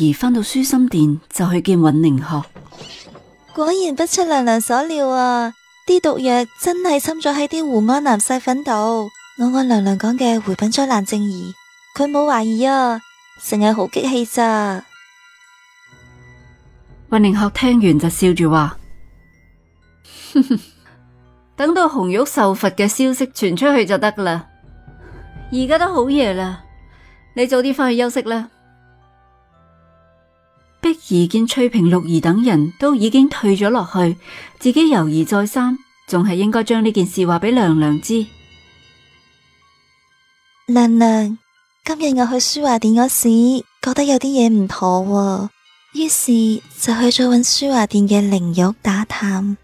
而返到舒心殿就去見尹寧鶴，果然不出娘娘所料啊！啲毒藥真係侵咗喺啲胡安男細粉度。我按娘娘講嘅回禀咗蘭靜儀，佢冇懷疑啊，成日好激氣咋？尹寧鶴聽完就笑住話： 等到紅玉受罰嘅消息傳出去就得噶啦。而家都好夜啦，你早啲翻去休息啦。碧兒見翠屏、六兒等人都已經退咗落去，自己猶豫再三，仲係應該將呢件事話俾娘娘知。娘娘，今日我去書華殿嗰時，覺得有啲嘢唔妥喎，於是就去咗揾書華殿嘅靈玉打探。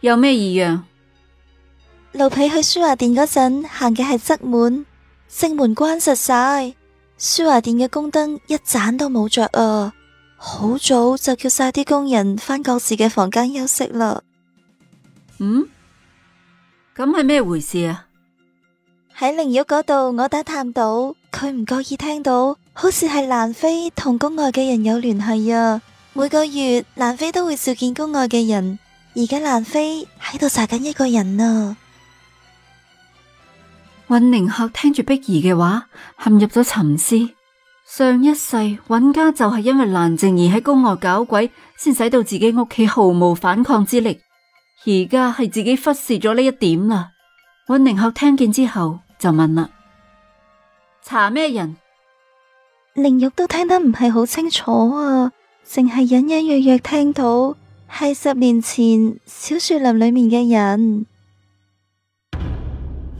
有咩異樣？奴婢去書華殿嗰陣行嘅係側門，正門關實晒。舒華殿嘅宮燈一盞都冇着啊！好早就叫晒啲工人返各自嘅房間休息啦。嗯，咁係咩回事啊？喺靈玉嗰度，我打探到佢唔覺意聽到，好似係蘭妃同宮外嘅人有聯繫啊！每個月蘭妃都會召見宮外嘅人，而家蘭妃喺度查緊一個人啊！尹寧客聽住碧兒嘅話，陷入咗沉思。上一世尹家就係因為蘭靜兒喺宮外搞鬼，先使到自己屋企毫無反抗之力。而家係自己忽視咗呢一點啦。尹寧客聽見之後就問啦：查咩人？寧玉都聽得唔係好清楚啊，淨係隱隱約約聽到係十年前小樹林裏面嘅人。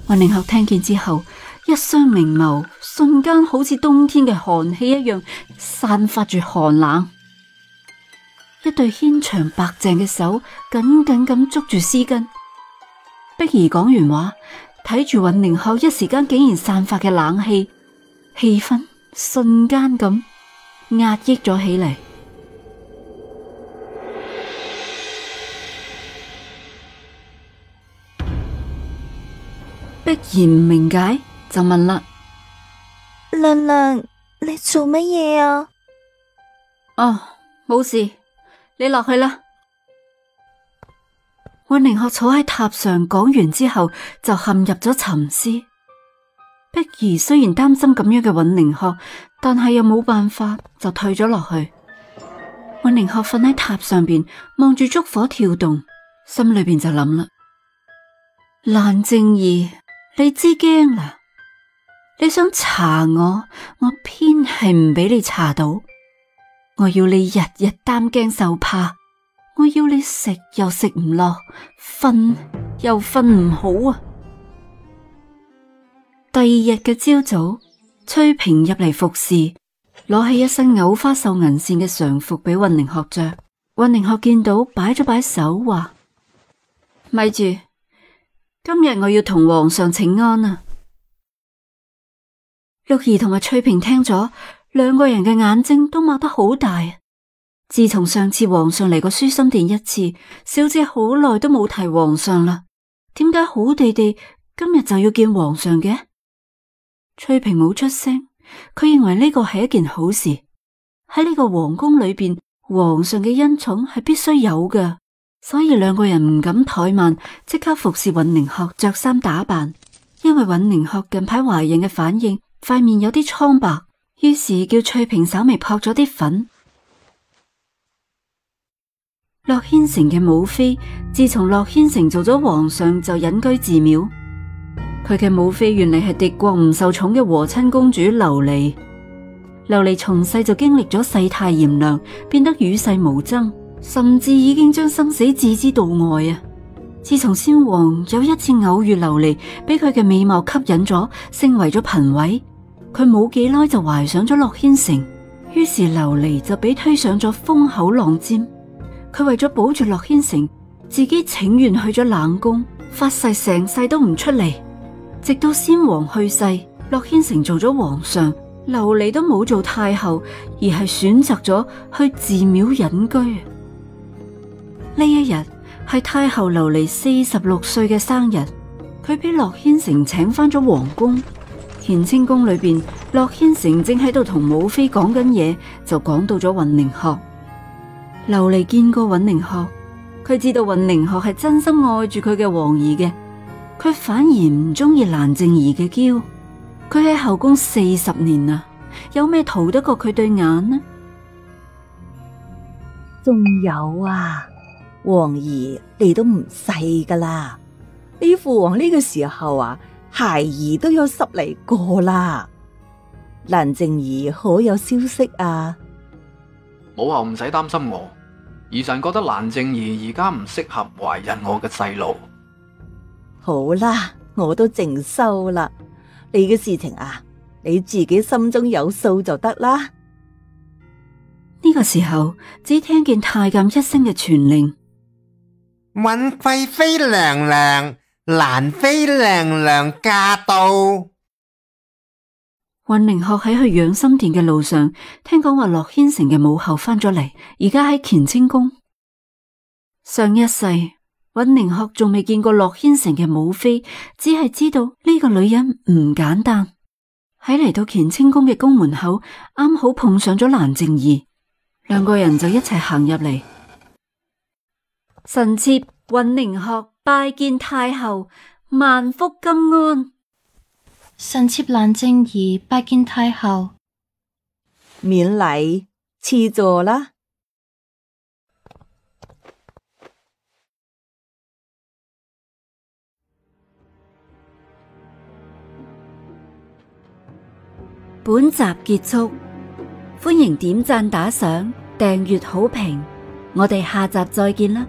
尹寧鶴聽見之後，一雙明眸瞬間好似冬天嘅寒氣一樣，散發住寒冷。一對纖長白淨嘅手緊緊咁捉住絲巾。碧兒講完話，睇住尹寧鶴，一時間竟然散發嘅冷氣，氣氛瞬間咁壓抑咗起嚟。然唔明解就問啦，娘娘你做乜嘢啊？哦，冇事，你落去啦。尹寧鶴坐喺塔上講完之後就陷入咗沉思。碧兒雖然擔心咁樣嘅尹寧鶴，但係又冇辦法，就退咗落去。尹寧鶴瞓喺塔上邊望住燭火跳動，心裏邊就諗啦：蘭靜兒。你知驚啦！你想查我，我偏係唔俾你查到。我要你日日擔驚受怕，我要你食又食唔落，瞓又瞓唔好啊！第二日嘅朝早，崔萍入嚟，服侍，攞起一身藕花繡銀線嘅常服俾運寧學着。運寧學見到，擺咗擺手，話：咪住。今日我要同皇上請安啊！綠兒同阿翠平聽咗，兩個人嘅眼睛都擘得好大。自從上次皇上嚟過舒心殿一次，小姐好耐都冇提皇上啦。點解好地地今日就要見皇上嘅？翠平冇出聲，佢認為呢個係一件好事。喺呢個皇宮裏邊，皇上嘅恩寵係必須有㗎。所以兩個人唔敢怠慢，即刻服侍尹寧鶴着衫打扮。因為尹寧鶴近排懷孕嘅反應，塊面有啲蒼白，於是叫翠平稍微撲咗啲粉。洛軒成嘅母妃，自從洛軒成做咗皇上就隱居寺廟。佢嘅母妃原嚟係敵國唔受寵嘅和親公主琉璃。琉璃從細就經歷咗世態炎涼，變得與世無爭。甚至已經將生死置之度外啊！自從先王有一次偶遇琉璃，俾佢嘅美貌吸引咗，升為咗嬪位，佢冇幾耐就懷上咗洛軒城，於是琉璃就俾推上咗風口浪尖。佢為咗保住洛軒城，自己請願去咗冷宮，發誓成世都唔出嚟。直到先王去世，洛軒城做咗皇上，琉璃都冇做太后，而係選擇咗去寺廟隱居。呢一日係太后琉璃四十六歲嘅生日，佢被洛軒成請翻咗皇宮。乾清宮裏邊，洛軒成正喺度同母妃講緊嘢，就講到咗雲寧學。琉璃見過雲寧學，佢知道雲寧學係真心愛住佢嘅皇兒嘅，佢反而唔中意蘭靜儀嘅嬌。佢喺後宮四十年啦，有咩逃得過佢對眼呢？仲有啊！王兒，你都唔細噶啦！你父王呢個時候啊，孩兒都有十嚟個啦。蘭靜兒好有消息啊！母后唔使擔心我，兒臣覺得蘭靜兒而家唔適合懷孕我弟弟，我嘅細路。好啦，我都靜收啦。你嘅事情啊，你自己心中有數就得啦。呢個時候只聽見太監一聲嘅傳令。尹貴妃娘娘、蘭妃娘娘駕到。尹寧學喺去養心殿嘅路上，聽講話駱軒城嘅母后翻咗嚟，而家喺乾清宮。上一世，尹寧學仲未見過駱軒城嘅母妃，只係知道呢個女人唔簡單。喺嚟到乾清宮嘅宮門口，啱好碰上咗蘭靜儀，兩個人就一齊行入嚟。臣妾尹寧學拜見太后，萬福金安。臣妾蘭靜兒拜見太后，免禮賜座啦。本集結束，歡迎點讚打賞、訂閱好評，我哋下集再見啦！